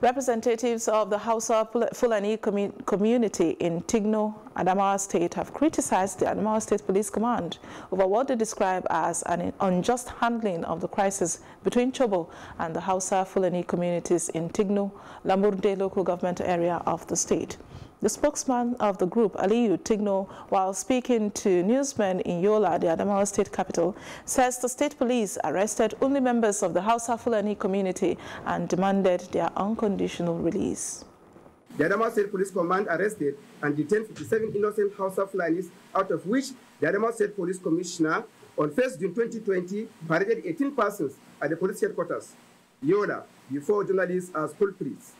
Representatives of the Hausa Fulani community in Tigno Adamawa State have criticized the Adamawa State Police Command over what they describe as an unjust handling of the crisis between Chobo and the Hausa Fulani communities in Tigno, Lamurde local government area of the state. The spokesman of the group, Aliyu Tigno, while speaking to newsmen in Yola, the Adamawa state capital, says the state police arrested only members of the Hausa Fulani community and demanded their unconditional release. The Adamawa State Police Command arrested and detained 57 innocent Hausa Fulanis, out of which the Adamawa State Police Commissioner on 1st June 2020 paraded 18 persons at the police headquarters, Yola, before journalists as culprits.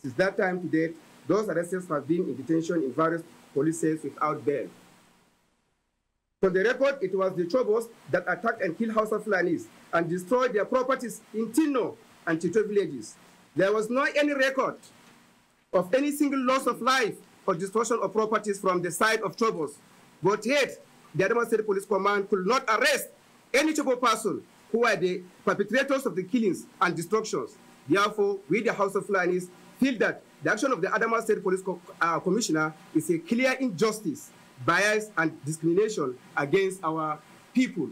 Since that time to date, those arrests have been in detention in various police cells without bail. From the record, it was the Chobos that attacked and killed Hausa Fulanis and destroyed their properties in Tino and Tito villages. There was no any record of any single loss of life or destruction of properties from the side of troubles. But yet, the Adamawa State Police Command could not arrest any trouble person who were the perpetrators of the killings and destructions. Therefore, we, the House of Flanis, feel that the action of the Adamawa State Police Co uh, Commissioner is a clear injustice, bias, and discrimination against our people.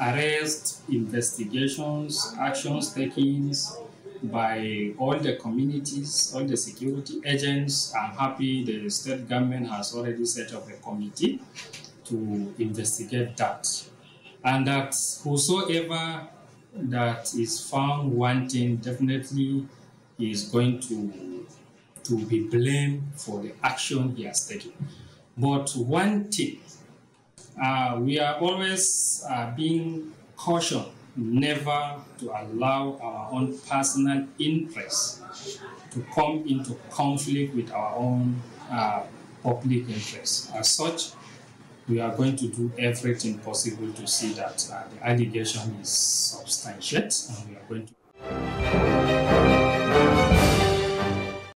Arrest, investigations, actions takings, by all the communities, all the security agents. I'm happy the state government has already set up a committee to investigate that. And that whosoever that is found wanting definitely is going to, to be blamed for the action he has taken. But one tip, uh, we are always uh, being cautioned never to allow our own personal interests to come into conflict with our own uh, public interests. As such, we are going to do everything possible to see that uh, the allegation is substantiated and we are going to